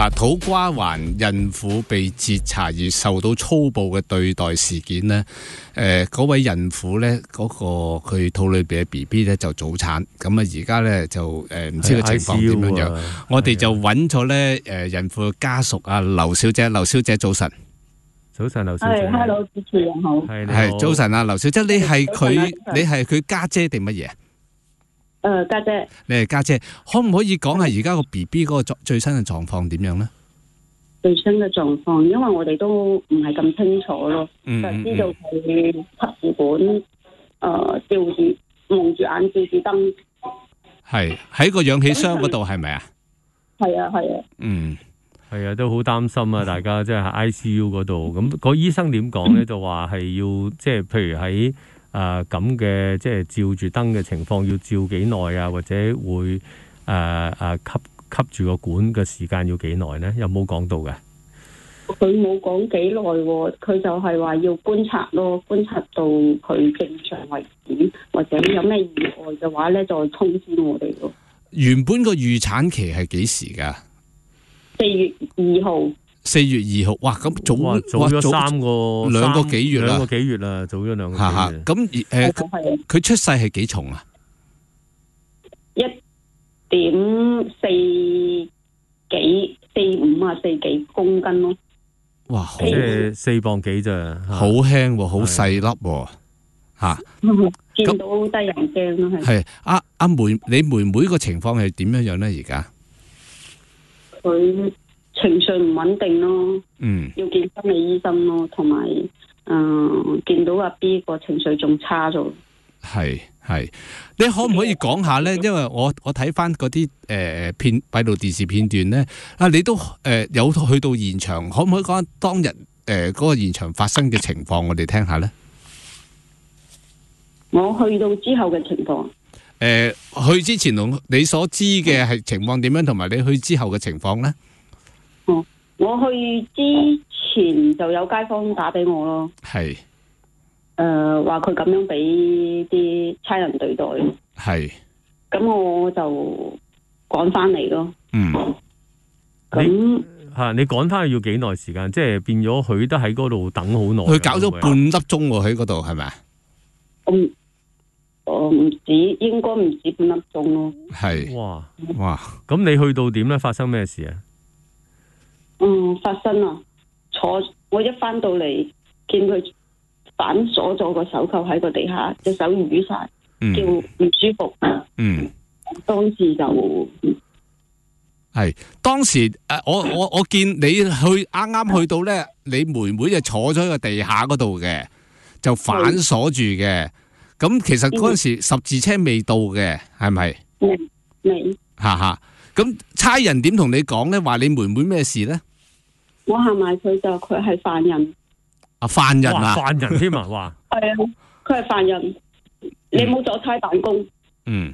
嗱，土瓜灣孕婦被截查而受到粗暴嘅對待事件、呃、呢誒，嗰位孕婦咧，嗰個佢肚裏邊嘅 BB 咧就早產，咁啊而家咧就誒唔、呃、知個情況點樣樣，是我哋就揾咗咧，誒、呃，孕婦嘅家屬啊，劉小姐，劉小姐早晨，早晨劉小姐，hello 主持人好，係早晨啊，劉小姐，你係佢，你係佢家姐定乜嘢？誒，家、呃、姐，姐，你係家姐，姐，可唔可以講下而家個 B B 嗰個最最新嘅狀況點樣咧？最新嘅狀況，因為我哋都唔係咁清楚咯，就知道佢插住管，誒，照住望住眼，照住燈。係喺個氧氣箱嗰度係咪啊？係啊，係啊。嗯，係啊，都好擔心啊！大家即係、喺、I C U 嗰度，咁、個醫生點講咧？就話係要即係，譬如喺。啊咁嘅即係照住燈嘅情況要照幾耐啊，或者會誒誒、呃啊、吸吸住個管嘅時間要幾耐咧？有冇講到嘅？佢冇講幾耐喎，佢就係話要觀察咯，觀察到佢正常為止，或者有咩意外嘅話咧，再通知我哋咯、啊。原本個預產期係幾時噶？四月二號。四月二號，哇！咁早，早咗三個、兩個幾月啦，兩個幾月啦，早咗兩個幾月。咁誒，佢出世係幾重啊？一點四幾四五啊，四幾公斤咯。哇，即係四磅幾咋？好輕，好細粒，吓。見到真係又驚咯，係。係阿阿妹，你妹妹個情況係點樣樣咧？而家佢。情緒唔穩定咯，嗯，要見心理醫生咯，同埋，誒、呃，見到阿 B 個情緒仲差咗。係係，你可唔可以講下呢？因為我我睇翻嗰啲誒片、閉路電視片段呢，啊，你都誒、呃、有去到現場，可唔可以講當日誒嗰、呃那個現場發生嘅情況，我哋聽下呢？我去到之後嘅情況。誒、呃，去之前同你所知嘅係情況點樣？同埋你去之後嘅情況呢？哦，我去之前就有街坊打俾我咯，係是，誒、呃，話佢咁樣俾啲差人對待，係是，咁我就趕翻嚟咯。嗯，咁吓，你趕翻去要幾耐時間？即係變咗，佢都喺嗰度等好耐，佢搞咗半粒鐘喺嗰度，係咪？唔、嗯，我唔止，應該唔止半粒鐘咯，係是，哇哇，咁哇你去到點咧？發生咩事啊？嗯，發生啦！坐我一翻到嚟，見佢反鎖咗個手扣喺個地下，隻、嗯、手唔淤晒，叫唔舒服。嗯當，當時就係當時誒，我我我見你去啱啱去到咧， 你妹妹就坐咗喺個地下嗰度嘅，就反鎖住嘅。咁、嗯、其實嗰陣時十字車未到嘅，係咪？未，未，哈哈！ 咁差人點同你講咧？話你妹妹咩事咧？我喊埋佢就佢係犯人，啊犯人，犯人啊犯人添啊，話，係啊佢係犯人，你冇阻差辦公，嗯，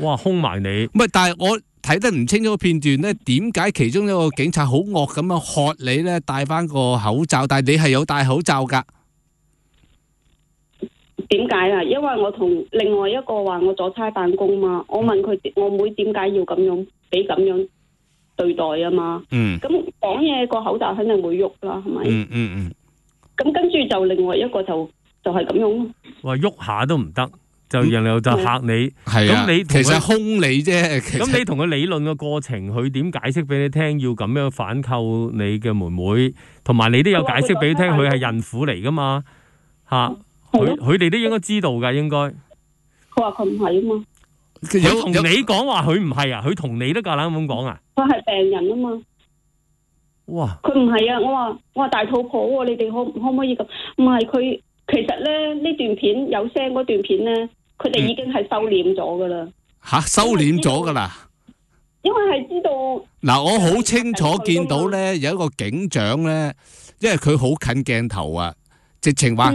哇兇埋你，唔係但係我睇得唔清楚片段咧，點解其中一個警察好惡咁樣喝你咧？戴翻個口罩，但係你係有戴口罩噶？點解啊？因為我同另外一個話我阻差辦公嘛，我問佢我妹點解要咁樣俾咁樣。對待啊嘛，咁講嘢個口罩肯定會喐啦，係咪？嗯嗯嗯。咁跟住就另外一個就就係咁樣，話喐下都唔得，就然後就吓你，係啊。咁你其實係凶你啫，咁你同佢理論嘅過程，佢點解釋俾你聽要咁樣反扣你嘅妹妹，同埋你都有解釋俾佢聽，佢係孕婦嚟噶嘛？吓，佢佢哋都應該知道噶，應該。佢話佢唔係啊嘛？佢同你講話，佢唔係啊。佢同你都夠膽咁講啊。佢係病人嘛哇啊嘛。哇！佢唔係啊。我話我話大肚婆，你哋可可唔可以咁？唔係佢其實咧，呢段片有聲嗰段片咧，佢哋已經係收斂咗噶啦。吓，收斂咗噶啦，因為係知道嗱，我好清楚見到咧，有一個警長咧，嗯、因為佢好近鏡頭啊，直情話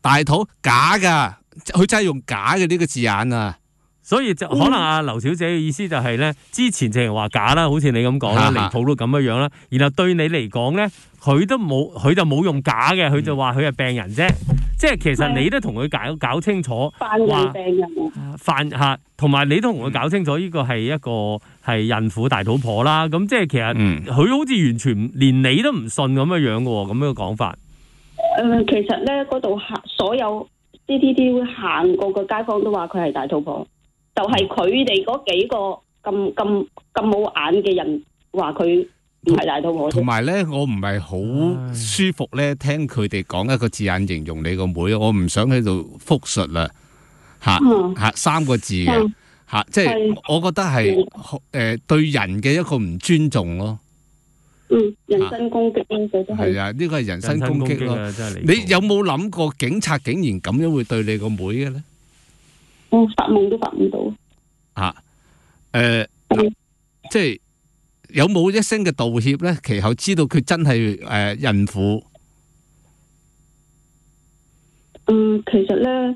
大肚假噶，佢真係用假嘅呢個字眼啊。所以就可能阿劉小姐嘅意思就係咧，之前淨係話假啦，好似你咁講啦，離譜哈哈 都咁樣樣啦。然後對你嚟講咧，佢都冇，佢就冇用假嘅，佢就話佢係病人啫。即係其實你都同佢搞搞清楚，扮病人、啊犯，犯吓，同埋你都同佢搞清楚，呢個係一個係、嗯、孕婦大肚婆啦。咁即係其實佢好似完全連你都唔信咁樣樣嘅，咁樣嘅講法。誒、呃，其實咧，嗰度行所有 C T D 行過嘅街坊都話佢係大肚婆。就係佢哋嗰幾個咁咁咁冇眼嘅人話佢係大肚婆，同埋咧我唔係好舒服咧，聽佢哋講一個字眼形容你個妹，我唔想喺度復述啦，吓吓三個字嘅，吓，即係我覺得係誒對人嘅一個唔尊重咯，嗯，人身攻擊應該都係，係啊，呢個係人身攻擊咯，真係你，你有冇諗過警察竟然咁樣會對你個妹嘅咧？我發夢都發唔到啊！誒、呃，嗯、即係有冇一聲嘅道歉咧？其後知道佢真係誒孕婦。呃、嗯，其實咧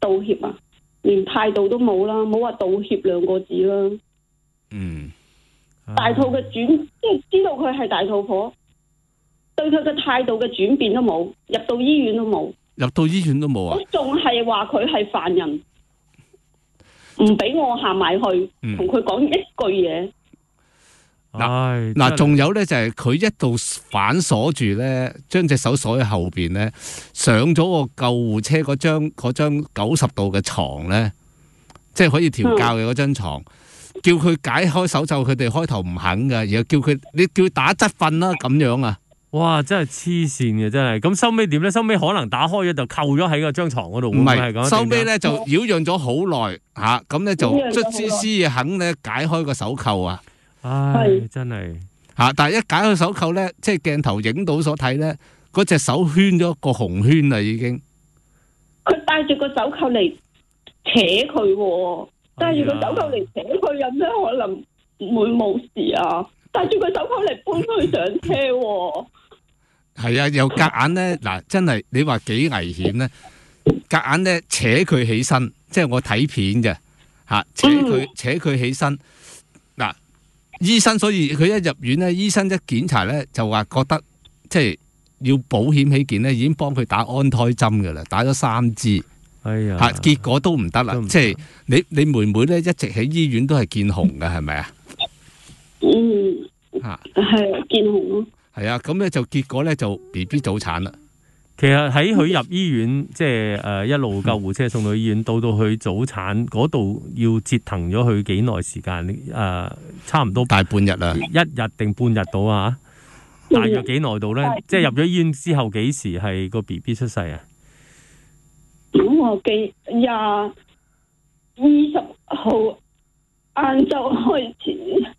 道歉啊，連態度都冇啦，冇話道歉兩個字啦。嗯、啊、大肚嘅轉即係知道佢係大肚婆，對佢嘅態度嘅轉變都冇，入到醫院都冇，入到醫院都冇啊！我仲係話佢係犯人。唔俾我行埋去，同佢講一句嘢。嗱嗱、嗯，仲有咧就係、是、佢一度反鎖住咧，將隻手鎖喺後邊咧，上咗個救護車嗰張張九十度嘅床咧，即係可以調教嘅嗰張床，嗯、叫佢解開手袖，佢哋開頭唔肯噶，然後叫佢你叫打側瞓啦咁樣啊。哇，真係黐綫嘅，真係咁收尾點咧？收尾可能打開咗就扣咗喺個張床嗰度，唔係，收尾咧就擾攘咗好耐吓，咁咧就卒之佢肯咧解開個手扣啊！唉，真係吓，但係一解開手扣咧，即係鏡頭影到所睇咧，嗰隻手圈咗個紅圈啦，已經。佢戴住個手扣嚟扯佢戴住個手扣嚟扯佢，有咩可能唔會冇事啊。戴住個手銬嚟搬佢上車，啊，係 啊，又夾硬咧，嗱，真係你話幾危險咧，夾硬咧扯佢起身，即係我睇片嘅吓，扯佢扯佢起身，嗱，啊，醫生，所以佢一入院咧，醫生一檢查咧就話覺得即係要保險起見咧，已經幫佢打安胎針噶啦，打咗三支，哎呀，吓、啊、結果都唔得啦，即係你你妹妹咧一直喺醫院都係見紅噶，係咪啊？ 嗯，吓係見紅咯，係啊，咁咧、啊、就結果咧就 B B 早產啦。其實喺佢入院、就是、醫院，即係誒一路救護車送到醫院，到到佢早產嗰度要折騰咗佢幾耐時間？誒、啊，差唔多大半日啦，一日定半日到啊？大約幾耐到咧？即係但入咗醫院之後，幾時係個 B B 出世啊？咁、嗯、我記廿二十號晏晝開始。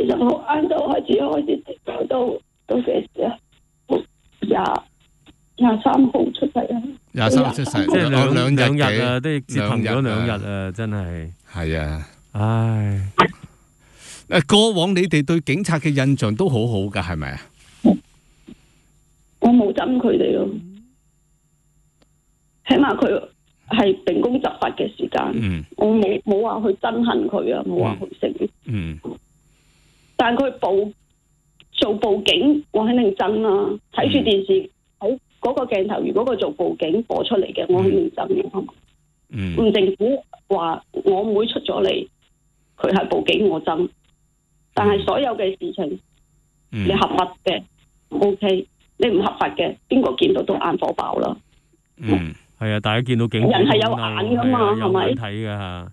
二十號晏晝開始開始跌，到到幾時啊？廿廿三號出世啊！廿三號出世，即係兩兩日啊，都係折騰咗兩日啊，真係。係啊，唉，誒，過往你哋對警察嘅印象都好好噶，係咪啊？我我冇憎佢哋咯，起碼佢係秉公執法嘅時間，我冇，冇話去憎恨佢啊，冇話去成嗯。但佢報做報警，我肯定憎啦、啊。睇住電視，好，嗰個鏡頭，如果佢做報警播出嚟嘅，我肯定憎嘅、啊，嗯。唔政府話我妹出咗嚟，佢係報警，我憎。但係所有嘅事情，嗯、你合法嘅 OK，你唔合法嘅，邊個見到都眼火爆啦。嗯，係啊、嗯，大家見到警官，人係有眼噶嘛，係咪？睇噶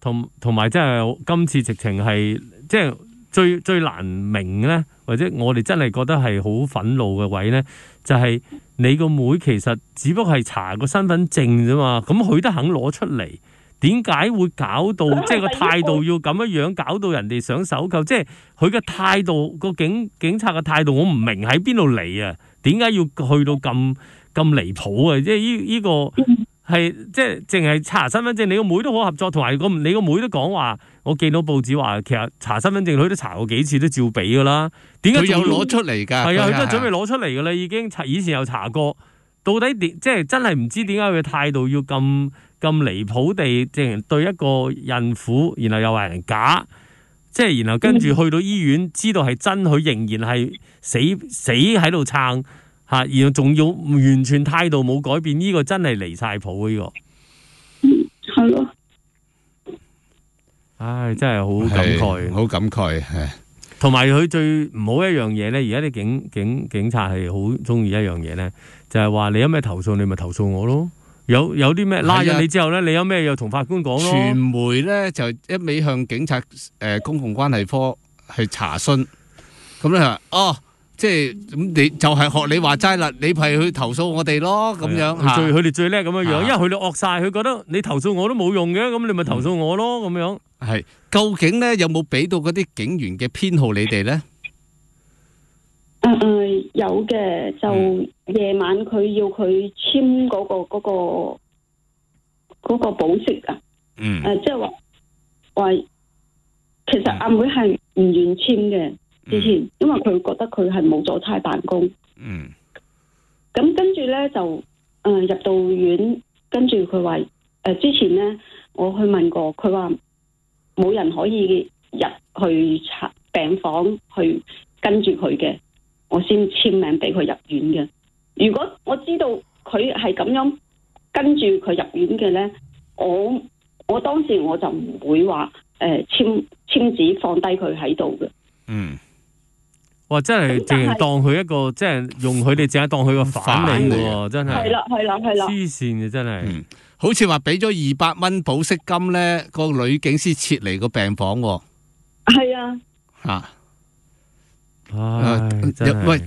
同同埋真係今次直情係即係。即即即即最最難明咧，或者我哋真係覺得係好憤怒嘅位咧，就係、是、你個妹，妹其實只不過係查個身份證啫嘛。咁佢都肯攞出嚟，點解會搞到即係個態度要咁樣樣，搞到人哋想搜救？即係佢嘅態度，個警警察嘅態度我，我唔明喺邊度嚟啊？點解要去到咁咁離譜啊？即係呢呢個。 係即係淨係查身份證，你個妹，妹都好合作，同埋個你個妹，妹都講話，我見到報紙話，其實查身份證佢都查過幾次，都照俾噶啦。點解佢有攞出嚟噶？係啊的，佢是都準備攞出嚟噶啦，已經查以前有查過，到底點即係真係唔知點解佢態度要咁咁離譜地，竟對一個孕婦，然後又話人假，即係然後跟住去到醫院知道係真，佢仍然係死死喺度撐。吓，而仲要完全態度冇改變，呢、這個真係離晒譜呢、這個。嗯的，係咯。唉，真係好感慨，好感慨。係。同埋佢最唔好一樣嘢咧，而家啲警警警察係好中意一樣嘢咧，就係、是、話你有咩投訴，你咪投訴我咯。有有啲咩拉咗你之後咧，的你有咩又同法官講咯。傳媒咧就一味向警察誒、呃、公共關係科去查詢。咁、嗯、你話哦？即係咁，你就係學你話齋啦，你係去投訴我哋咯，咁樣佢最佢哋最叻咁樣樣，因為佢哋惡晒，佢覺得你投訴我都冇用嘅，咁你咪投訴我咯，咁樣係。究竟咧有冇俾到嗰啲警員嘅編號你哋咧？嗯，有嘅，就夜晚佢要佢簽嗰個嗰個嗰個保釋㗎。嗯。誒，即係話話，其實阿妹係唔願簽嘅。之前，嗯、因為佢覺得佢係冇阻差辦公，嗯，咁跟住咧就誒、呃、入到院，跟住佢話誒之前咧，我去問過，佢話冇人可以入去查病房去跟住佢嘅，我先簽名俾佢入院嘅。如果我知道佢係咁樣跟住佢入院嘅咧，我我當時我就唔會話誒、呃、簽簽紙放低佢喺度嘅，嗯。哇！真係淨係當佢一個，即係是用佢哋淨係當佢個反面的，真係，係啦係啦係啦，黐線嘅真係，好似話俾咗二百蚊保釋金咧，個女警司撤離個病房喎。係啊，吓、啊，喂，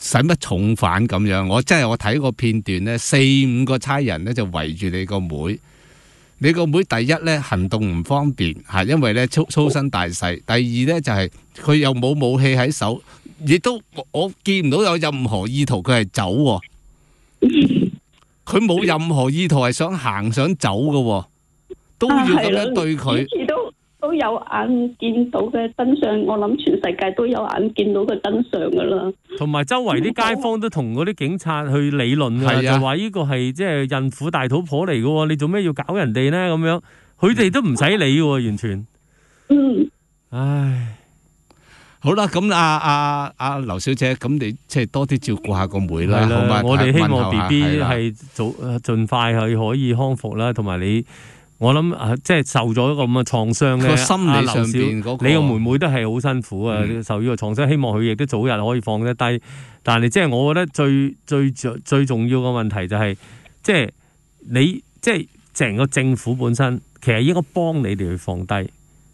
使乜重犯咁樣？我真係我睇個片段咧，四五個差人咧就圍住你個妹妹。你個妹第一咧行動唔方便嚇，因為咧粗粗身大細。第二咧就係、是、佢又冇武器喺手，亦都我，我見唔到有任何意圖佢係走喎、哦，佢冇任何意圖係想行想走嘅、哦，都要咁樣對佢。啊 都有眼見到嘅真相，我諗全世界都有眼見到嘅真相噶啦。同埋周圍啲街坊都同嗰啲警察去理論嘅，就話呢個係即係孕婦大肚婆嚟嘅，你做咩要搞人哋咧？咁樣，佢哋都唔使理嘅，完全。嗯，唉，好啦，咁阿阿阿劉小姐，咁你即係多啲照顧下個妹啦，好嘛？我哋希望 BB 係早盡快去可以康復啦，同埋你。我諗啊，即係受咗一個咁嘅創傷咧，心理上邊，嗰個啊、你個妹妹都係好辛苦啊，嗯、受呢個創傷，希望佢亦都早日可以放得低。但係即係我覺得最最最重要嘅問題就係、是，即係你即係成個政府本身，其實應該幫你哋去放低、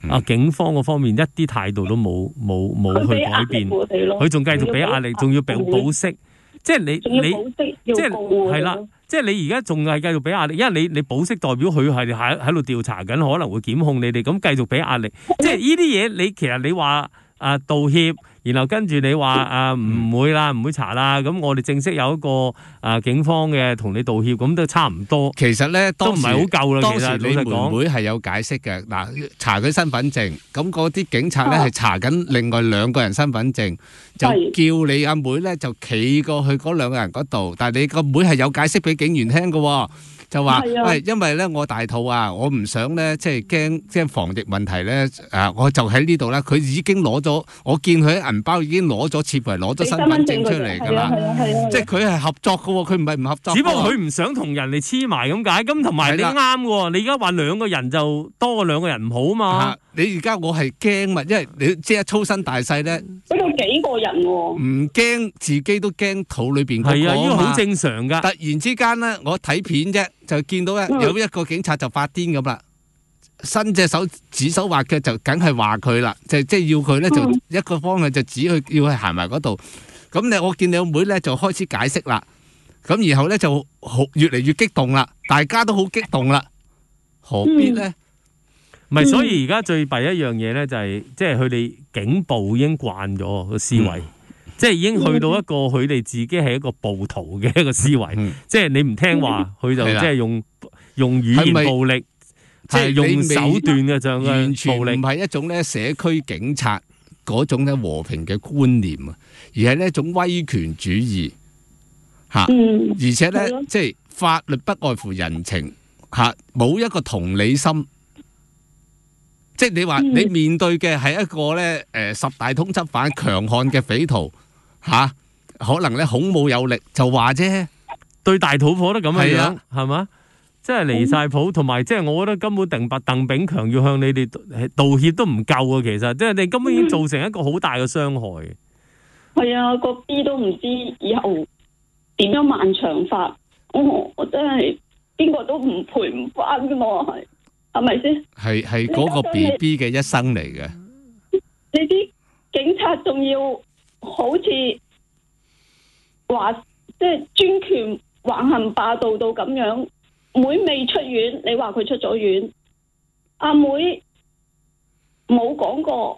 嗯、啊，警方嗰方面一啲態度都冇冇冇去改變，佢仲繼續俾壓力，仲要保要保釋，保釋即係你你即係係啦。即係你而家仲係繼續畀壓力，因為你你保釋代表佢係喺度調查緊，可能會檢控你哋，咁繼續畀壓力。即係呢啲嘢，你其實你話啊、呃、道歉。然後跟住你話啊，唔會啦，唔會查啦。咁我哋正式有一個啊、呃、警方嘅同你道歉，咁都差唔多。其實咧都唔係好夠啦。其實你妹妹係有解釋嘅嗱，查佢身份證，咁嗰啲警察咧係、啊、查緊另外兩個人身份證，就叫你阿妹咧就企過去嗰兩個人嗰度。但係你個妹係有解釋俾警員聽噶。就話喂，因為咧我大肚啊，我唔想咧，即係驚，即係防疫問題咧，啊，我就喺呢度咧。佢已經攞咗，我見佢銀包已經攞咗，切為攞咗身份證出嚟㗎啦。即係佢係合作嘅喎，佢唔係唔合作。只不過佢唔想同人哋黐埋咁解，咁同埋你啱喎。的你而家話兩個人就多過兩個人唔好嘛？啊、你而家我係驚㗎，因為你即係粗身大細咧。佢有幾個人喎、哦？唔驚，自己都驚肚裏邊嗰個。係啊，因為好正常㗎。突然之間咧，我睇片啫。就見到咧有一個警察就發癲咁啦，伸隻手指手畫腳就梗係話佢啦，就即係要佢咧就一個方向就指佢要佢行埋嗰度。咁你我見你個妹咧就開始解釋啦，咁然後咧就好越嚟越激動啦，大家都好激動啦，何必咧？唔係，嗯，所以而家最弊一樣嘢咧就係，是，即係佢哋警暴已經慣咗個思維。嗯即係已經去到一個佢哋自己係一個暴徒嘅一個思維，嗯、即係你唔聽話，佢就即係用吧用語言暴力，是是即係用手段嘅就未力完全唔係一種咧社區警察嗰種咧和平嘅觀念啊，而係一種威權主義吓，而且咧即係法律不外乎人情吓，冇一個同理心，即係你話你面對嘅係一個咧誒十大通緝犯強悍嘅匪徒。吓，可能咧恐冇有力就話啫，對大肚婆都咁樣，係嘛，真係離晒譜。同埋即係我覺得根本明白鄧炳強要向你哋道歉都唔夠啊！其實即係你根本已經造成一個好大嘅傷害。係啊，個 B 都唔知以後點樣漫長法，我我真係邊個都唔賠唔翻嘅嘛，係係咪先？係係嗰個 BB 嘅一生嚟嘅，你啲警察仲要。好似話即係專權橫行霸道到咁樣，妹未出院，你話佢出咗院，阿妹冇講過，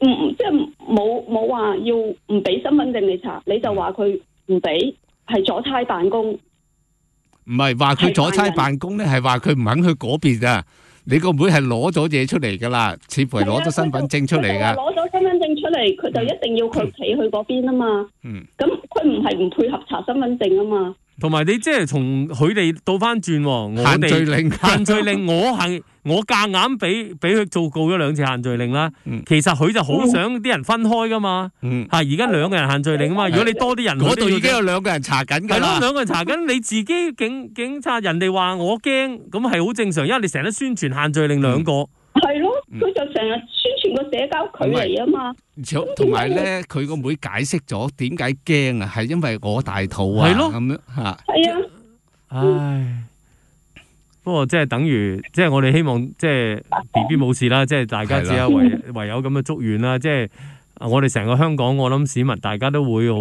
唔即係冇冇話要唔俾身份證你查，你就話佢唔俾，係阻差辦公，唔係話佢阻差辦公咧，係話佢唔肯去嗰邊啊。你個妹係攞咗嘢出嚟噶啦，似乎係攞咗身份證出嚟噶，攞咗身份證出嚟，佢 就一定要佢企去嗰邊啊嘛。嗯，咁佢唔係唔配合查身份證啊嘛。同埋你即係從佢哋倒翻轉，我 哋，我係。 我夾硬俾俾佢做告咗兩次限聚令啦，其實佢就好想啲人分開噶嘛，吓而家兩個人限聚令啊嘛，如果你多啲人，嗰度的已經有兩個人查緊噶啦，係咯，兩個人查緊，你自己警警察人哋話我驚，咁係好正常，因為你成日宣傳限聚令兩個，係咯，佢就成日宣傳個社交距離啊嘛，同埋咧佢個妹解釋咗點解驚啊，係因為我大肚啊，係咯，咁的的樣吓，係啊的，唉。不過即係等於，即係我哋希望，即係 BB 冇事啦，即係大家只有唯是的 唯有咁嘅祝願啦，即係我哋成個香港，我諗市民大家都會好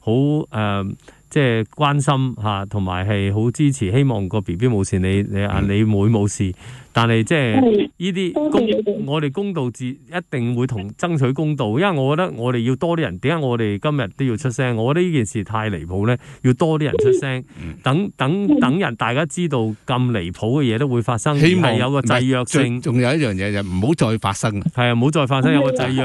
好誒。即係關心嚇，同埋係好支持，希望個 B B 冇事，你你啊，你妹冇事。但係即係呢啲公，我哋公道字一定會同爭取公道，因為我覺得我哋要多啲人。點解我哋今日都要出聲？我覺得呢件事太離譜咧，要多啲人出聲，等等等人大家知道咁離譜嘅嘢都會發生，起碼有個制約性。仲有一樣嘢就唔好再發生。係啊，唔好再發生有個制約。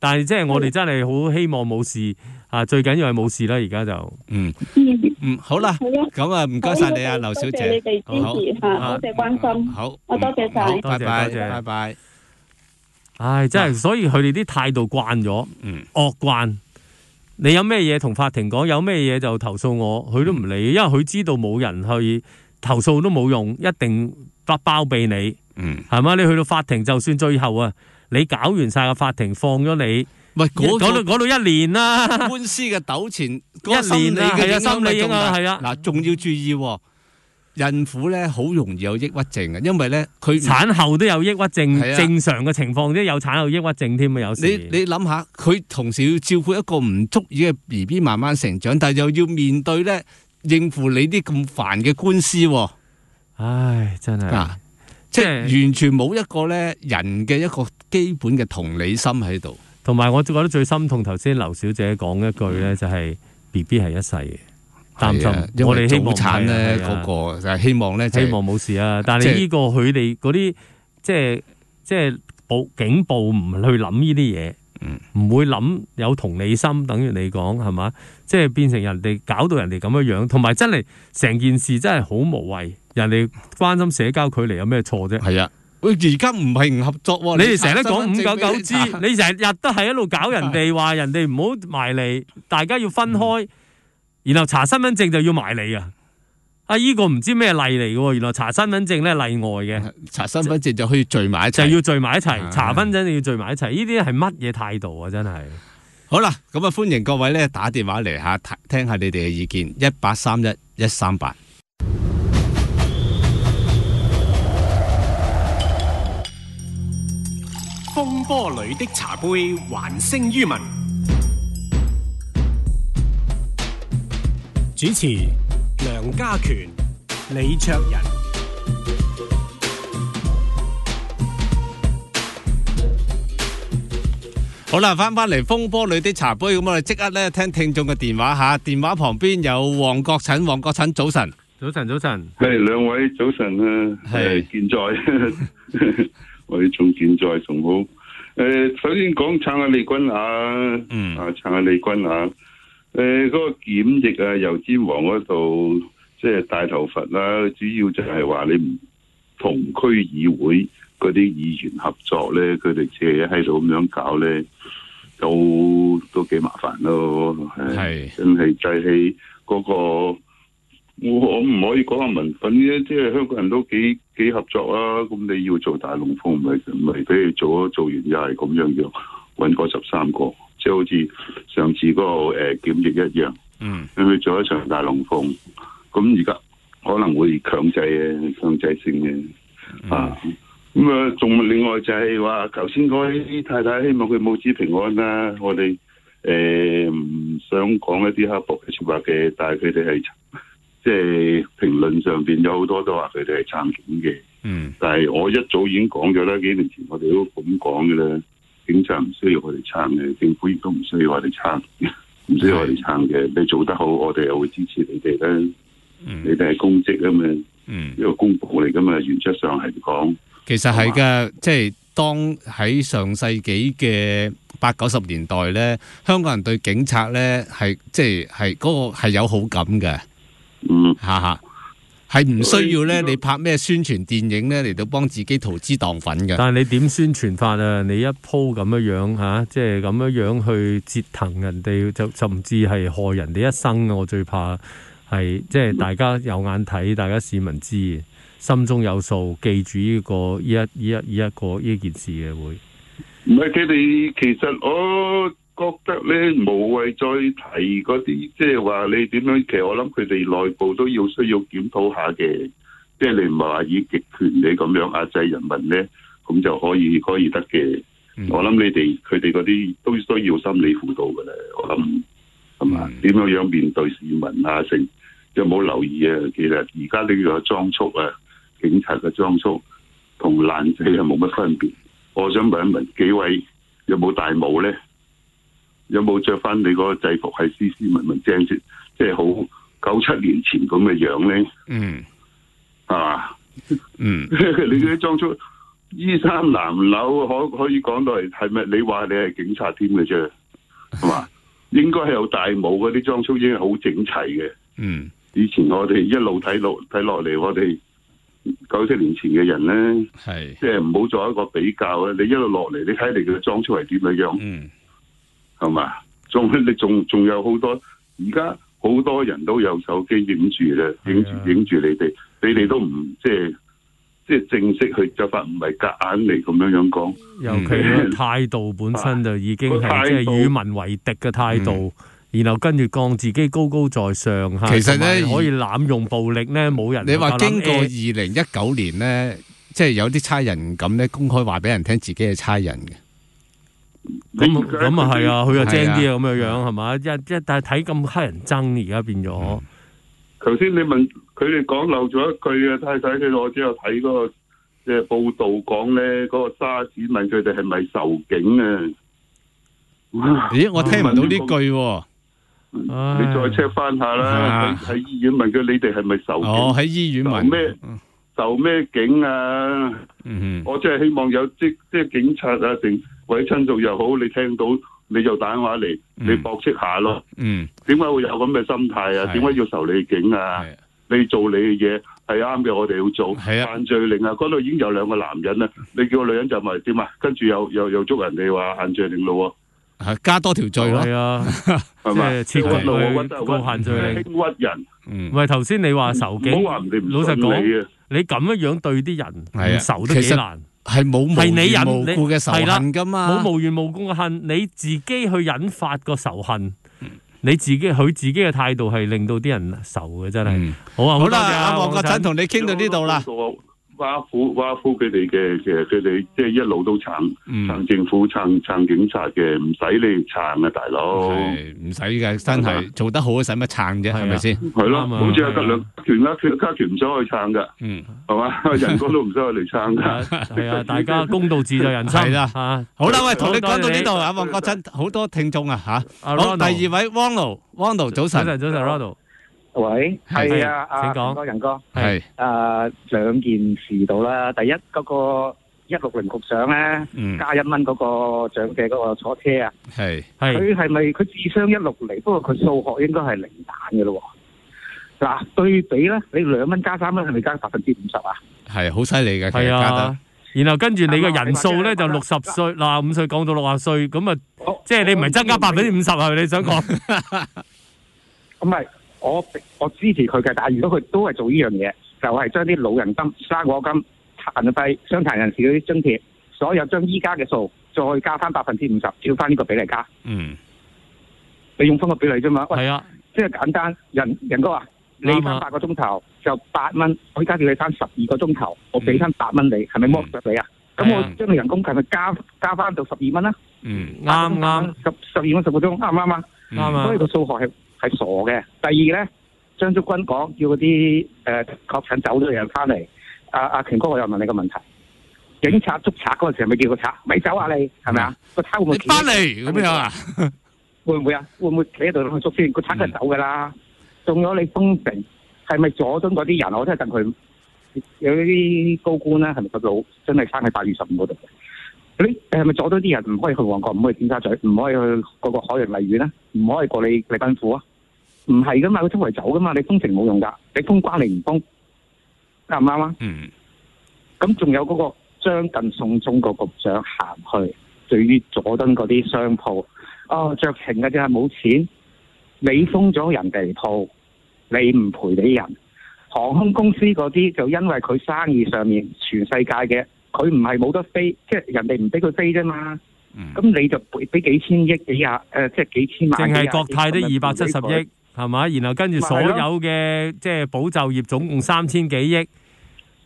但係即係我哋真係好希望冇事。啊，最緊要係冇事啦，而家就嗯嗯嗯好啦，咁啊唔該晒你啊，劉小姐，你哋支持多謝關心，好，我多謝晒多謝，拜拜。唉，真係，所以佢哋啲態度慣咗，嗯，惡慣。你有咩嘢同法庭講，有咩嘢就投訴我，佢都唔理，因為佢知道冇人去投訴都冇用，一定發包庇你，嗯，係嘛，你去到法庭，就算最後啊，你搞完晒個法庭放咗你。唔係度，度一年啦。官司嘅糾纏，一年你嘅心理影響啊，係啊。嗱，仲要注意，孕婦咧好容易有抑鬱症嘅，因為咧佢產後都有抑鬱症，啊、正常嘅情況都有產後抑鬱症添啊。你有時你你諗下，佢同時要照顧一個唔足以嘅 B B 慢慢成長，但係又要面對咧應付你啲咁煩嘅官司，唉，真係啊，即係的完全冇一個咧人嘅一個基本嘅同理心喺度。同埋，我覺得最心痛頭先劉小姐講一句咧，就係 B B 係一世嘅擔心。我哋希望產咧嗰個就係希望咧，希望冇事啊。就係、但係呢、呢個佢哋嗰啲，即係即係警暴唔去諗呢啲嘢，唔、嗯、會諗有同理心。等於你講係嘛？即係、就係、變成人哋搞到人哋咁樣樣，同埋真係成件事真係好無謂。人哋關心社交距離有咩錯啫？係啊的。佢而家唔係唔合作喎，你哋成日都講五九九支，你成日都係一路搞人哋，話人哋唔好埋嚟，大家要分開，嗯、然後查身份證就要埋你啊！啊，依、呢個唔知咩例嚟嘅，原來查身份證咧例外嘅，查身份證就可以聚埋一齊，就要聚埋一齊，是的 查身份證就要聚埋一齊，呢啲係乜嘢態度啊？真係好啦，咁啊歡迎各位咧打電話嚟吓，聽下你哋嘅意見，一八三一一三八。風波裏的茶杯，還聲於民。主持：梁家權、李卓仁。好啦，翻翻嚟風波裏的茶杯，咁我哋即刻咧聽聽眾嘅電話吓、啊。電話旁邊有黃國陳，黃國陳，早晨，早晨，早晨，早晨。係兩位早晨啊，係健是在。 我啲重點在仲好，誒、呃，首先講撐阿利君啊，嗯，啊，撐阿利君啊，誒、呃，嗰、那個檢疫啊，油尖旺嗰度即係大頭佛啦，主要就係話你唔同區議會嗰啲議員合作咧，佢哋自己喺度咁樣搞咧，都都幾麻煩咯，係、哎，是真係就係嗰個。我唔可以講下民憤嘅，即係香港人都幾幾合作啊！咁你要做大龍鳳，唔咪俾你做做完又係咁樣樣，揾嗰十三個，即、就、係、是、好似上次嗰、那個誒、呃、檢疫一樣。嗯，你去做一場大龍鳳，咁而家可能會強制嘅，強制性嘅啊！咁啊、嗯，仲另外就係、是、話，頭先嗰位太太希望佢母子平安啦、啊，我哋誒唔想講一啲刻薄嘅説話嘅，但係佢哋係。即係評論上邊有好多都話佢哋係撐警嘅，嗯，但係我一早已經講咗啦。幾年前我哋都咁講嘅啦，警察唔需要我哋撐嘅，政府亦都唔需要我哋撐嘅，唔需要我哋撐嘅。是你做得好，我哋又會支持你哋咧。嗯、你哋係公職啊嘛，嗯，一個公僕嚟噶嘛，原則上係講，其實係噶，說即係當喺上世紀嘅八九十年代咧，香港人對警察咧係即係係嗰個係有好感嘅。嗯，哈，吓，係唔需要咧？你拍咩宣傳電影咧嚟到幫自己投資蕩粉嘅？但係你點宣傳法啊？你一鋪咁樣樣，啊、吓，即係咁樣樣去折騰人哋，就甚至係害人哋一生嘅。我最怕係即係大家有眼睇，大家市民知，心中有數，記住呢、呢個呢一呢一呢一個呢件事嘅會。唔係佢哋，其實我。覺得咧無謂再提嗰啲，即係話你點樣？其實我諗佢哋內部都要需要檢討下嘅。即係你唔係話以極權嘅咁樣壓、啊、制人民咧，咁就可以可以得嘅。嗯、我諗你哋佢哋嗰啲都需要心理輔導嘅咧。我諗係嘛？點樣、嗯、樣面對市民啊？成有冇留意啊？其實而家呢個裝束啊，警察嘅裝束同爛仔係冇乜分別。我想問一問幾位有冇大帽咧？有冇着翻你嗰個製服，係斯斯文文、正正，即係好九七年前咁嘅樣咧？嗯，係嘛？嗯，你嗰啲裝束衣衫襤褸，可可以講到嚟係咪？你話你係警察添嘅啫，係嘛？應該係有大帽嗰啲裝束，已經好整齊嘅。嗯，以前我哋一路睇落睇落嚟，我哋九七年前嘅人咧，係是即係唔好做一個比較咧。你一路落嚟，你睇你佢嘅裝束係點嘅樣？嗯。Mm. 係嘛？仲你仲仲有好多，而家好多人都有手機影住咧，影住影住你哋，你哋都唔即係即係正式去執法，唔係夾硬嚟，咁樣樣講。嗯、尤其態度本身就已經係即係與民為敵嘅態度，嗯、然後跟住降自己高高在上，吓，其實咧可以濫用暴力咧，冇人。你話經過二零一九年咧，欸、即係有啲差人咁咧，公開話俾人聽自己係差人嘅。咁咁啊係啊，佢又精啲啊，咁樣樣係嘛？一一但係睇咁乞人憎，而家變咗。頭先你問佢哋講漏咗一句啊，太太，佢我之後睇嗰個即係報道講咧，嗰個沙士問佢哋係咪仇警啊？咦，我聽唔到呢句。你再 check 翻下啦。喺醫院問佢，你哋係咪仇警？哦，喺醫院問咩？仇咩警啊？我真係希望有即即警察啊，定。我啲親屬又好，你聽到你就打電話嚟，你駁斥下咯。嗯，點解會有咁嘅心態啊？點解要仇你警啊？你做你嘅嘢係啱嘅，我哋要做。係啊，限聚令啊，嗰度已經有兩個男人啦。你叫個女人就咪係點啊？跟住又又又捉人哋話限聚令咯喎，加多條罪咯。係啊，即係切開路，我覺得好屈人。唔係頭先你話仇警，好話唔理。老實講，你咁樣對啲人，仇都幾難。係冇無緣無故嘅仇恨噶嘛，冇無緣無故嘅恨，你自己去引發個仇恨，你自己佢自己嘅態度係令到啲人仇嘅，真係。好啊，好啦，阿黃國振同你傾到呢度啦。挖苦挖苦佢哋嘅，其實佢哋即係一路都撐，撐政府、撐撐警察嘅，唔使你撐啊，大佬，唔使嘅，真係做得好，使乜撐啫，係咪先？係咯，好似得兩拳啦，加加拳唔使去撐噶，係嘛，人哥都唔使去嚟撐噶，係啊，大家公道自在人心啦。好啦，喂，同你講到呢度啊，黃國真，好多聽眾啊，吓，好，第二位汪導，汪導早晨，早晨，早晨，喂，係啊，請講，阿仁哥，係，誒，兩件事到啦。第一嗰個一六零局長咧，加一蚊嗰個長者嗰個坐車啊，係，佢係咪佢智商一六零？不過佢數學應該係零蛋嘅咯。嗱，對比咧，你兩蚊加三蚊係咪加百分之五十啊？係，好犀利嘅，其實加得。然後跟住你嘅人數咧就六十歲，嗱，五歲降到六十歲，咁啊，即係你唔係增加百分之五十係咪？你想講？唔係。我我支持佢嘅，但係如果佢都係做呢樣嘢，就係將啲老人金、生果金、彈低傷殘人士嗰啲津貼，所有將依家嘅數再加翻百分之五十，照翻呢個比例加。嗯，你用分個比例啫嘛。係喂啊，即係簡單。人人哥話、嗯、啊，你翻八個鐘頭就八蚊，我依家叫你翻十二個鐘頭，我俾翻八蚊你，係咪剝削你啊？咁、嗯、我將你人工係咪加加翻到十二蚊啦。嗯，啱啱十十二蚊十個鐘，啱唔啱啊？啱啊。嗯嗯、所以個數學係傻嘅。第二咧，張竹君講叫嗰啲誒確診走咗嘅人翻嚟。阿阿權哥，我又問你個問題：警察捉賊嗰陣時，係咪叫佢「賊，咪走啊，你係咪啊？個賊會唔會翻嚟咁樣啊？會唔會啊？會唔會企喺度佢捉先？個賊梗係走噶啦。仲有你封城係咪阻咗嗰啲人？我真聽得佢有啲高官啦，係咪個老真係翻喺八月十五嗰度？你係咪阻咗啲人唔可以去旺角，唔可以尖沙咀，唔可以去嗰個海洋麗苑啊？唔可以過你麗君府啊？唔係噶嘛，佢周圍走噶嘛，你封城冇用噶，你封關你唔封啱唔啱啊？咁仲、嗯、有嗰、嗰個將近送中個局長行去，對於佐敦嗰啲商鋪，哦著情嘅定係冇錢？你封咗人哋鋪，你唔賠俾人？航空公司嗰啲就因為佢生意上面全世界嘅，佢唔係冇得飛，即係人哋唔俾佢飛啫嘛。咁、嗯、你就賠俾幾千億幾廿誒、呃，即係幾千萬。淨係國泰都二百七十億。係嘛？然後跟住所有嘅即係保就業，總共三千幾億。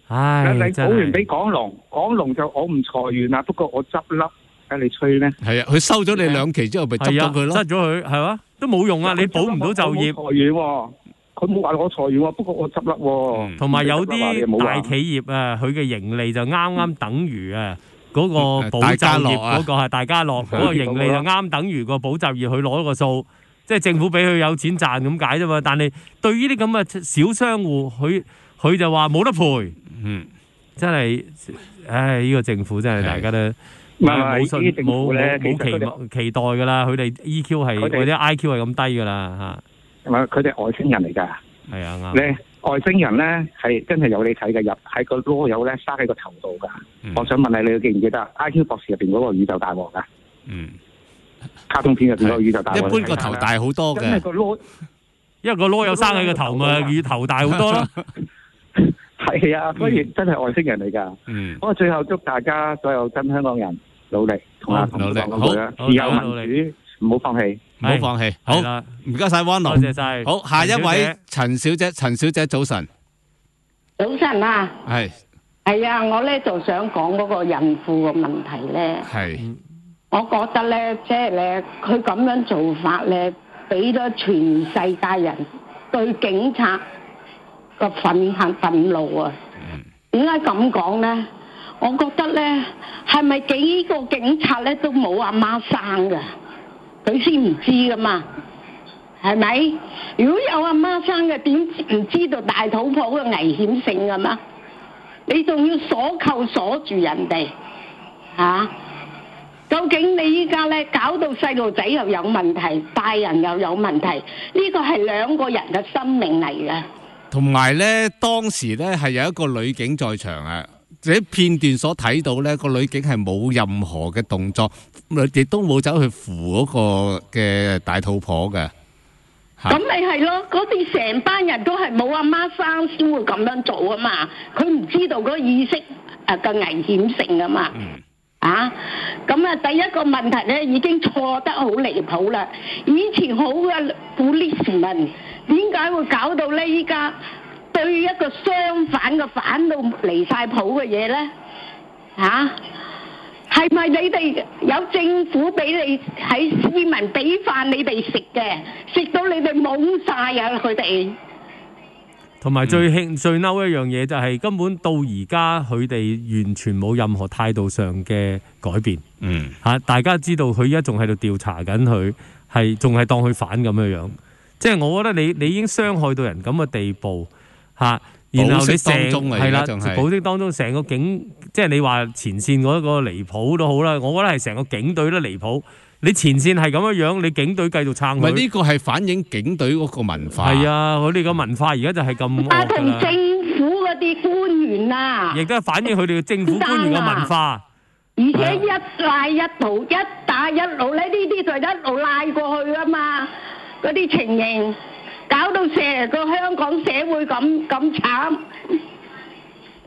唉，真係。保完俾港龍，港龍就我唔裁員啊。不過我執笠，梗係你吹咩。係啊，佢收咗你兩期之後，咪執咗佢咯。執咗佢係嘛？都冇用啊！你保唔到就業。裁員，佢冇話我裁員喎。不過我執笠喎。同埋有啲大企業啊，佢嘅盈利就啱啱等於啊嗰個保就業嗰個，係大家樂嗰個盈利就啱等於個保就業佢攞個數。即係政府俾佢有錢賺咁解啫嘛，但你對呢啲咁嘅小商戶，佢佢就話冇得賠，嗯，真係，唉，依、呢個政府真係大家都冇冇期望期待噶啦，佢哋 E Q 係嗰啲 I Q 係咁低噶啦嚇，咁佢哋外星人嚟㗎，係啊，咧外星人咧係真係有你睇嘅，入喺個籮柚咧生喺個頭度㗎。嗯、我想問下你記唔記得 I Q 博士入邊嗰個宇宙大王啊？嗯卡通片嘅，佢個宇宙大，一般個頭大好多嘅。因為個螺，因為個螺有生喺個頭嘛，魚頭大好多咯。係啊，所以真係外星人嚟噶。嗯，我最後祝大家所有真香港人努力，同阿同我哋好，持有民主，唔好放棄，唔好放棄。好，唔該晒汪龍，多謝晒。好，下一位陳小姐，陳小姐早晨，早晨啊，係係啊，我咧就想講嗰個孕婦嘅問題咧，係。我覺得咧，即係咧，佢咁樣做法咧，俾咗全世界人對警察個憤恨憤怒啊！點解咁講咧？我覺得咧，係咪幾個警察咧都冇阿媽生噶？佢先唔知噶嘛？係咪？如果有阿媽生嘅，點唔知道大肚婆嘅危險性噶嘛？你仲要鎖扣鎖住人哋啊？究竟你依家咧搞到細路仔又有問題，大人又有問題，呢個係兩個人嘅生命嚟嘅。同埋咧，當時咧係有一個女警在場啊，喺片段所睇到咧，個女警係冇任何嘅動作，亦都冇走去扶嗰個嘅大肚婆嘅。咁咪係咯，嗰啲成班人都係冇阿媽生先會咁樣做啊嘛，佢唔知道嗰個意識啊嘅危險性啊嘛。嗯啊！咁啊，第一個問題咧已經錯得好離譜啦。以前好嘅古立民點解會搞到呢，依家對一個相反嘅反到離晒譜嘅嘢呢？啊，係咪你哋有政府俾你喺市民俾飯你哋食嘅，食到你哋懵晒啊？佢哋。同埋最興、嗯、最嬲一樣嘢就係根本到而家佢哋完全冇任何態度上嘅改變，嗯嚇，大家知道佢依家仲喺度調查緊，佢係仲係當佢反咁樣樣，即係我覺得你你已經傷害到人咁嘅地步嚇，然後你成係啦，保釋當中成個警，即係你話前線嗰個離譜都好啦，我覺得係成個警隊都離譜。你前線係咁樣樣，你警隊繼續撐佢。咪呢個係反映警隊嗰個文化？係啊，我哋個文化而家就係咁惡噶。阿同政府嗰啲官員啊，亦都係反映佢哋嘅政府官員嘅文化。而且一賴一逃，一打一路咧，呢啲就一路拉過去啊嘛。嗰啲情形搞到成個香港社會咁咁慘，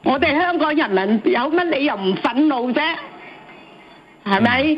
我哋香港人民有乜理由唔憤怒啫？係咪？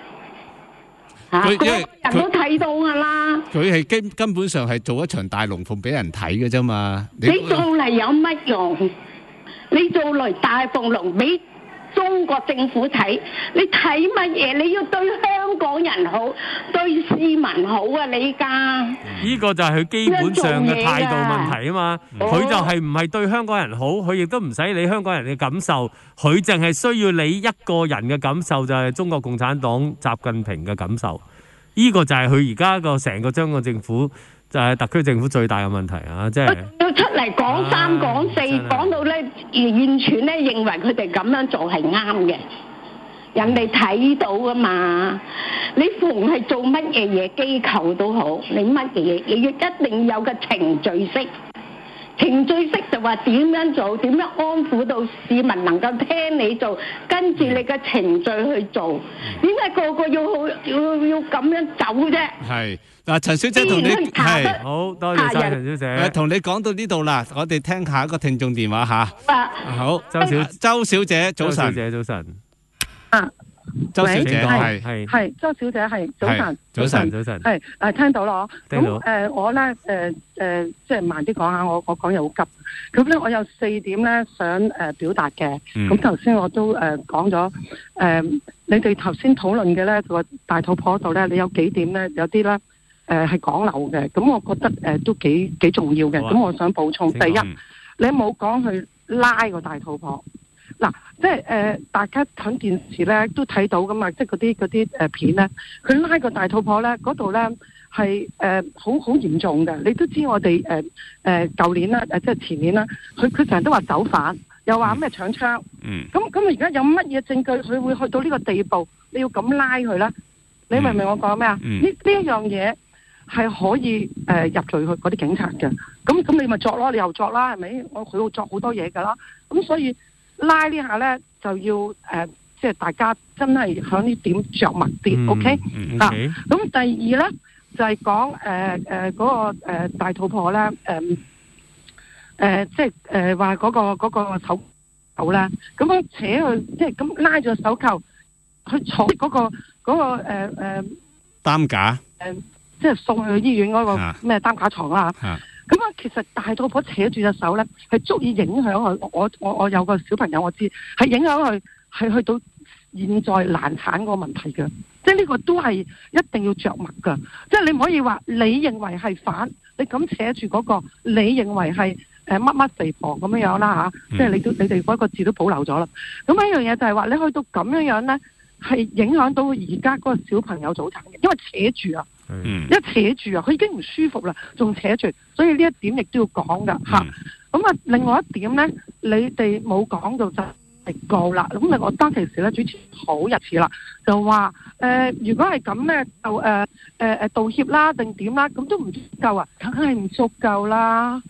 佢，個人都睇到噶啦。佢係基根本上係做一場大龍鳳俾人睇嘅啫嘛。你做嚟有乜用？你做嚟大鳳龍俾？中國政府睇你睇乜嘢？你要對香港人好，對市民好啊！你而家呢個就係佢基本上嘅態度問題啊嘛！佢就係唔係對香港人好，佢亦都唔使理香港人嘅感受，佢淨係需要你一個人嘅感受就係中國共產黨習近平嘅感受。呢個就係佢而家個成個中國政府。就係特區政府最大嘅問題啊！即係出嚟講三講四，講到咧完全咧認為佢哋咁樣做係啱嘅，人哋睇到㗎嘛！你逢係做乜嘢嘢機構都好，你乜嘢嘢，你要一定有個程序識。 程序式就話點樣做，點樣安撫到市民能夠聽你做，跟住你嘅程序去做，點解個個要要要咁樣走啫？係嗱，陳小姐同你係，好多謝晒陳小姐，同你講到呢度啦，我哋聽下一個聽眾電話吓。好，周小周小姐早晨。周小姐係係係，周小姐係早晨早晨早晨，係誒，聽到咯。咁誒，我咧誒誒，即係慢啲講下，我我講嘢好急。咁咧，我有四點咧想誒表達嘅。咁頭先我都誒講咗誒，你哋頭先討論嘅咧個大肚婆度咧，你有幾點咧？有啲咧誒係講漏嘅，咁我覺得誒都幾幾重要嘅。咁我想補充，第一你冇講去拉個大肚婆。嗱，即係誒，大家睇電視咧都睇到噶嘛，即係嗰啲啲誒片咧，佢拉個大肚婆咧，嗰度咧係誒好好嚴重嘅。你都知我哋誒誒舊年啦，誒即係前年啦，佢佢成日都話走犯，又話咩搶槍，嗯，咁咁而家有乜嘢證據佢會去到呢個地步？你要咁拉佢咧？你明唔明我講咩啊？呢呢、嗯、一樣嘢係可以誒、呃、入罪去嗰啲警察嘅。咁咁你咪作咯，你又作啦，係咪？我佢會作好多嘢㗎啦。咁所以。拉呢下咧就要誒、呃，即係大家真係喺呢點着墨啲，OK？啊，咁第二咧就係、是、講誒誒嗰個、呃、大肚婆啦，誒、呃、誒即係誒話嗰個嗰、那個、手球啦，咁扯去即係咁拉咗手球去坐嗰、那個嗰、那個誒擔、呃、架，誒、呃、即係送去醫院嗰個咩擔架床啦、啊、嚇。啊啊。咁啊，其實大肚婆扯住隻手咧，係足以影響佢。我我我有個小朋友，我知係影響佢係去到現在難產個問題嘅，即係呢個都係一定要着墨㗎，即係你唔可以話你認為係反，你咁扯住嗰個你認為係誒乜乜四婆咁樣樣啦吓，即係你都你哋嗰個字都保留咗啦。咁一樣嘢就係話你去到咁樣樣咧，係影響到而家嗰個小朋友早產嘅，因為扯住啊。嗯、一扯住啊，佢已經唔舒服啦，仲扯住，所以呢一點亦都要講噶嚇。咁啊，另外一點咧，你哋冇講到就唔夠啦。咁啊，我當其時咧，主持好入齒啦，就話誒、呃，如果係咁咧，就誒誒誒道歉啦，定點啦，咁都唔足夠啊，梗係唔足夠啦。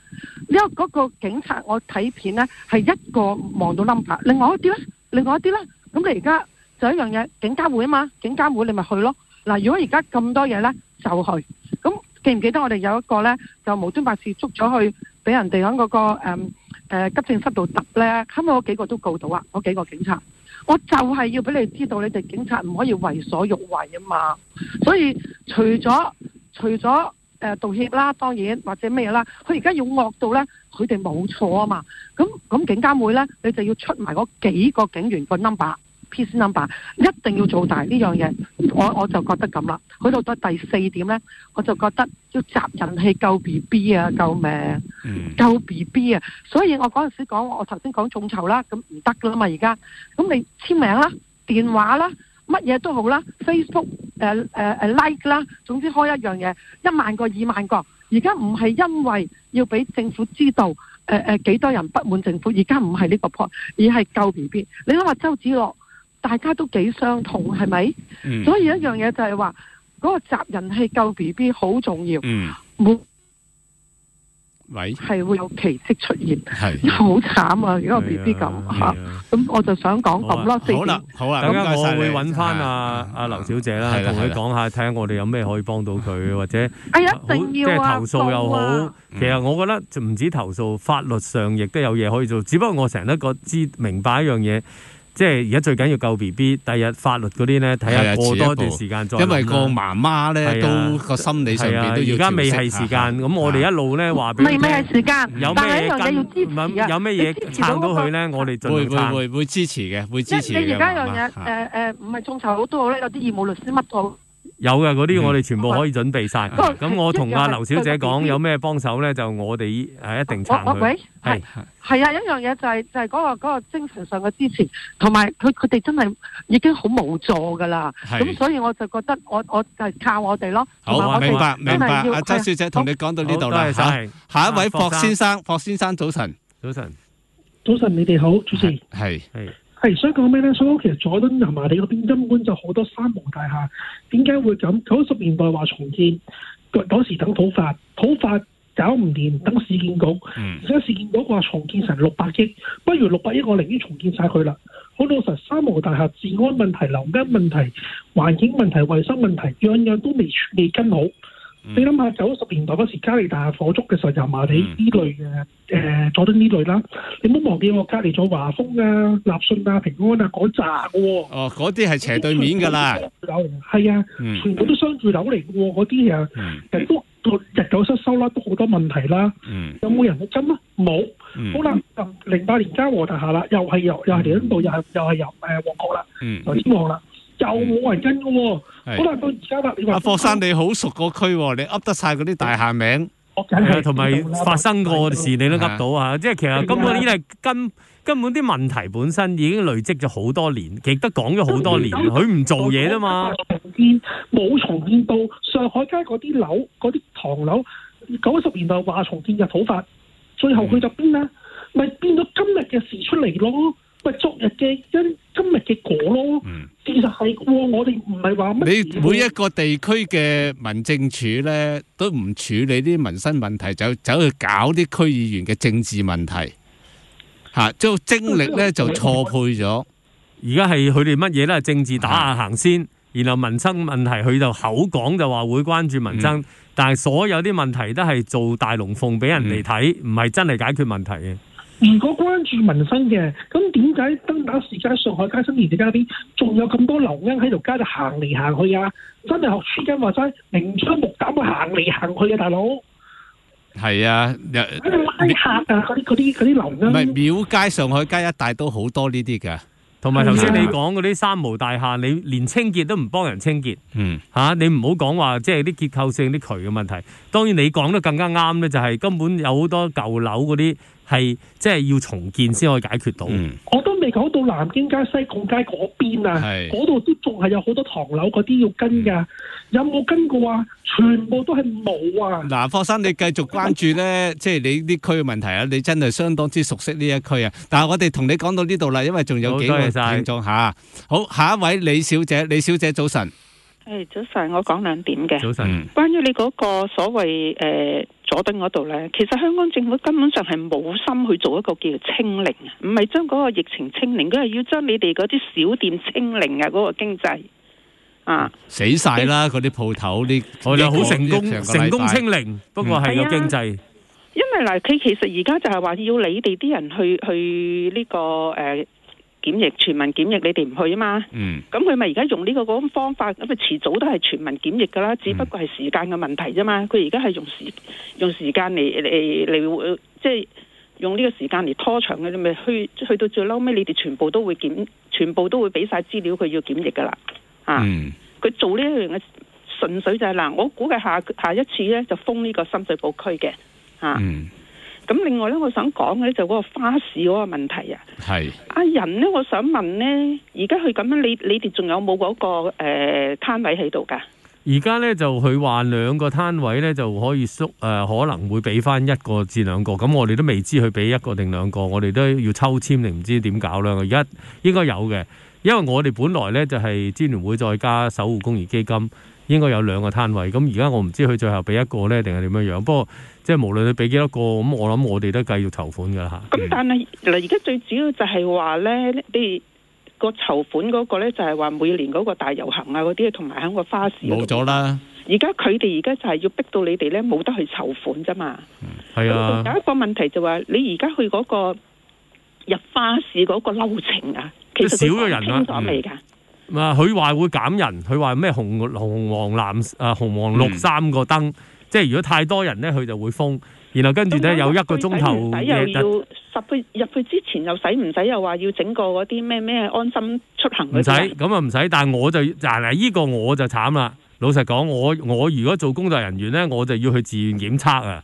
因為嗰個警察我，我睇片咧係一個望到冧把，另外一啲咧，另外一啲咧，咁佢而家就一樣嘢，警監會啊嘛，警監會你咪去咯。嗱，如果而家咁多嘢咧。就去，咁 記唔記得我哋有一個呢，就無端白事捉咗去，俾人哋喺嗰個、嗯嗯、急症室度揼呢，後尾嗰幾個都告到啊，嗰幾個警察，我就係要俾你知道，你哋警察唔可以為所欲為啊嘛，所以除咗除咗誒、呃、道歉啦，當然或者咩嘢啦，佢而家要惡到呢，佢哋冇錯啊嘛，咁咁警監會呢，你就要出埋嗰幾個警員個 number。P number 一定要做大呢樣嘢，我我就覺得咁啦。去到到第四點咧，我就覺得要集人氣救 B B 啊，救命，救 B B 啊。所以我嗰陣時講，我頭先講眾籌啦，咁唔得噶啦嘛。而家咁你簽名啦，電話啦，乜嘢都好啦，Facebook 誒誒誒 like 啦，總之開一樣嘢，一萬個二萬個。而家唔係因為要俾政府知道誒誒、呃呃、幾多人不滿政府，而家唔係呢個 point，而係救 B B。你諗下周梓樂。大家都幾相同係咪？所以一樣嘢就係話嗰個責任係救 B B 好重要。嗯，冇，係會有奇蹟出現。係好慘啊！如果 B B 咁嚇，咁我就想講咁囉。好啦，好啊。等陣我會揾翻阿阿劉小姐啦，同佢講下，睇下我哋有咩可以幫到佢，或者係一定要啊，即係投訴又好。其實我覺得就唔止投訴，法律上亦都有嘢可以做。只不過我成日都覺知明白一樣嘢。即係而家最緊要救 B B，第日法律嗰啲咧睇下過多一段時間再，因為個媽媽咧都個心理上邊而家未係時間，咁、啊、我哋一路咧話。啊、未未係時間、啊。有咩嘢？有咩嘢？撐到佢咧，我哋就會會會，會，會支持嘅，會支持你而家樣嘢誒誒，唔係眾籌好多好咧，有啲義務律師乜都好。有嘅嗰啲，我哋全部可以準備晒。咁我同阿劉小姐講，有咩幫手咧，就我哋係一定撐佢。係係啊，一樣嘢就係就係嗰個嗰個精神上嘅支持，同埋佢佢哋真係已經好無助噶啦。咁所以我就覺得，我我係靠我哋咯。好，明白明白。阿周小姐同你講到呢度啦，係下一位霍先生。霍先生早晨，早晨，早晨，你哋好，主席，係係。係，所以講咩咧？所以我其實佐敦南華地嗰邊根本就好多三無大廈，點解會咁？九十年代話重建，嗰時等土發，土發搞唔掂，等市建局。而家市建局話重建成六百億，不如六百億我寧願重建晒佢啦。好老實，三無大廈治安問題、樓間問題、環境問題、衞生問題，樣樣都未未跟好。你諗下九十年代嗰時，嘉利大火燭嘅時候，油麻地呢類嘅，誒，佐敦呢類啦。你唔好忘記我隔籬咗華豐啊、立信啊、平安啊嗰扎。哦，嗰啲係斜對面噶啦。樓係啊，全部都商住樓嚟嘅，嗰啲啊，人都日久失修啦，都好多問題啦。有冇人去爭啊？冇。好啦，零八年嘉禾大廈啦，又係又又係呢度，又係又係由誒旺角啦，又興旺啦。又冇人真嘅喎，好啦的，到而家啦。阿博生，你好熟個區喎、啊，你噏得晒嗰啲大廈名，同埋發生過嘅事，你都噏到啊！即係其實今個呢係根根本啲問題本身已經累積咗好多年，亦都講咗好多年。佢唔天做嘢啫嘛、嗯，重建冇重建到上海街嗰啲樓，嗰啲唐樓九十年代話重建入土法，最後佢、嗯、就邊咧？咪變到今日嘅事出嚟咯，咪昨日嘅因，今日嘅果咯。嗯。其實係喎，我哋唔係話乜。你每一個地區嘅民政處咧，都唔處理啲民生問題，就走去搞啲區議員嘅政治問題，吓、啊，即係精力咧就錯配咗。而家係佢哋乜嘢咧？係政治打下行先，是然後民生問題，佢就口講就話會關注民生，嗯、但係所有啲問題都係做大龍鳳俾人哋睇，唔係、嗯、真係解決問題嘅。如果關注民生嘅，咁點解燈打時間上海街、新填地街嗰邊仲有咁多流鶯喺度街度行嚟行去啊？真係學書生話齋，明目張膽去行嚟行去啊，大佬。係啊，拉客啊，嗰啲啲啲流鶯。唔係廟街、上海街一帶都好多呢啲嘅，同埋頭先你講嗰啲三無大廈，你連清潔都唔幫人清潔，嗯嚇、啊，你唔好講話即係啲結構性啲渠嘅問題。當然你講得更加啱咧，就係根本有好多舊樓嗰啲。係即係要重建先可以解決到。我都未講到南京街、西貢街嗰邊啊，嗰度都仲係有好多唐樓嗰啲要跟噶，有冇跟過啊？全部都係冇啊！嗱，霍生，你繼續關注呢，即係你呢區嘅問題啊，你真係相當之熟悉呢一區啊。但係我哋同你講到呢度啦，因為仲有幾位聽眾吓。好，下一位李小姐，李小姐早晨。誒，早晨，我講兩點嘅。早晨。關於你嗰個所謂誒。佐敦嗰度咧，其實香港政府根本上係冇心去做一個叫做清零，唔係將嗰個疫情清零，佢係要將你哋嗰啲小店清零啊！嗰個經濟啊，死晒啦！嗰啲鋪頭啲，我哋好成功成功清零，不過係個經濟，嗯啊、因為嗱，佢其實而家就係話要你哋啲人去去呢、呢個誒。呃檢疫，全民檢疫，你哋唔去啊嘛，咁佢咪而家用呢個嗰種方法，咁咪遲早都係全民檢疫噶啦，只不過係時間嘅問題啫嘛。佢而家係用時用時間嚟嚟嚟，即係用呢個時間嚟拖長嘅，咁咪去去到最嬲尾，你哋全部都會檢，全部都會俾晒資料，佢要檢疫噶啦。啊，佢、嗯、做呢樣嘅純粹就係、是、嗱，我估計下下一次咧就封呢個深水埗區嘅。啊。嗯咁另外咧，我想講咧就嗰個花市嗰個問題啊。係是。阿仁咧，我想問咧，而家佢咁樣，你你哋仲有冇嗰、那個誒、呃、攤位喺度㗎？而家咧就佢話兩個攤位咧就可以縮誒、呃，可能會俾翻一個至兩個。咁我哋都未知佢俾一個定兩個，我哋都要抽籤定唔知點搞啦。而家應該有嘅，因為我哋本來咧就係、是、支聯會再加守護公益基金。應該有兩個攤位，咁而家我唔知佢最後俾一個咧，定係點樣樣？不過即係無論你俾幾多個，咁我諗我哋都繼續籌款噶啦。咁但係嗱，而家最主要就係話咧，你個籌款嗰個咧就係話每年嗰個大遊行啊，嗰啲同埋喺個花市。冇咗啦！而家佢哋而家就係要逼到你哋咧，冇得去籌款啫嘛。係、嗯、啊，有一個問題就話、是、你而家去嗰個入花市嗰個流程啊，其實少咗人咗未噶？啊，佢話會減人，佢話咩紅紅紅黃藍啊，紅黃綠三個燈，嗯、即係如果太多人咧，佢就會封。然後跟住咧有一個鐘頭又要入去，入去之前又使唔使又話要整個嗰啲咩咩安心出行？唔使咁啊，唔使。但係我就但係依個我就慘啦。老實講，我我如果做工作人員咧，我就要去自願檢測啊。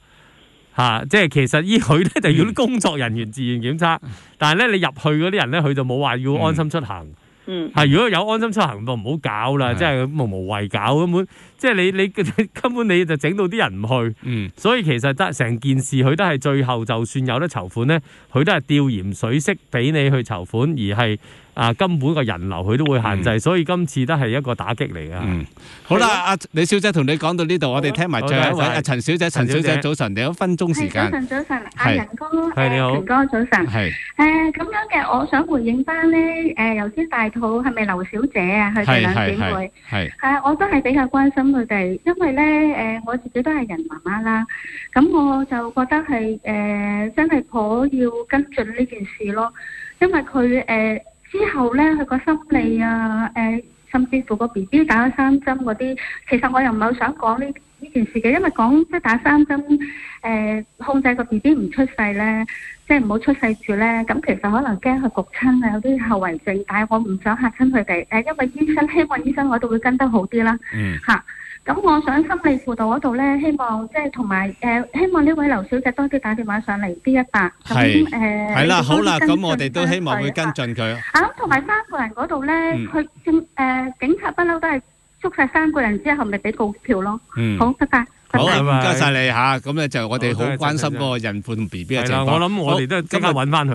嚇！即係其實依佢咧就要啲工作人員自願檢測，嗯、但係咧你入去嗰啲人咧，佢就冇話要安心出行、嗯。嗯嗯，係，如果有安心出行就唔好搞啦，即係是的 無無謂搞，根本即係你你根本你就整到啲人唔去，嗯，是的 所以其實得成件事，佢都係最後就算有得籌款咧，佢都係吊鹽水式俾你去籌款，而係。啊，根本個人流佢都會限制，所以今次都係一個打擊嚟㗎。嗯，好啦，阿李小姐同你講到呢度，我哋聽埋最後一位阿陳小姐。陳小姐早晨，你有一分鐘時間。早晨，早晨。阿仁哥，你好。仁哥早晨。係。誒咁樣嘅，我想回應返咧。誒，頭先大肚係咪劉小姐啊？佢哋兩姊妹係係啊，我都係比較關心佢哋，因為咧誒，我自己都係人媽媽啦。咁我就覺得係誒，真係頗要跟進呢件事咯，因為佢誒。之後呢，佢個心理啊，誒、呃，甚至乎個 B B 打咗三針嗰啲，其實我又唔係好想講呢呢件事嘅，因為講即係打三針，誒、呃，控制個 B B 唔出世呢，即係唔好出世住呢。咁其實可能驚佢焗親啊，有啲後遺症，但係我唔想嚇親佢哋，誒、呃，因為醫生希望醫生我都會跟得好啲啦，嗯，嚇、啊。咁我想心理輔導嗰度咧，希望即係同埋誒，希望呢位劉小姐多啲打電話上嚟 B 一八。係。咁誒，係啦，好啦，咁我哋都希望會跟進佢。啊，咁同埋三個人嗰度咧，佢警誒警察不嬲都係捉晒三個人之後，咪俾告票咯。嗯。好，拜拜。好啊，唔該晒你吓，咁咧就我哋好關心嗰個孕婦 B B 嘅情況，我諗我哋都係即刻揾翻佢。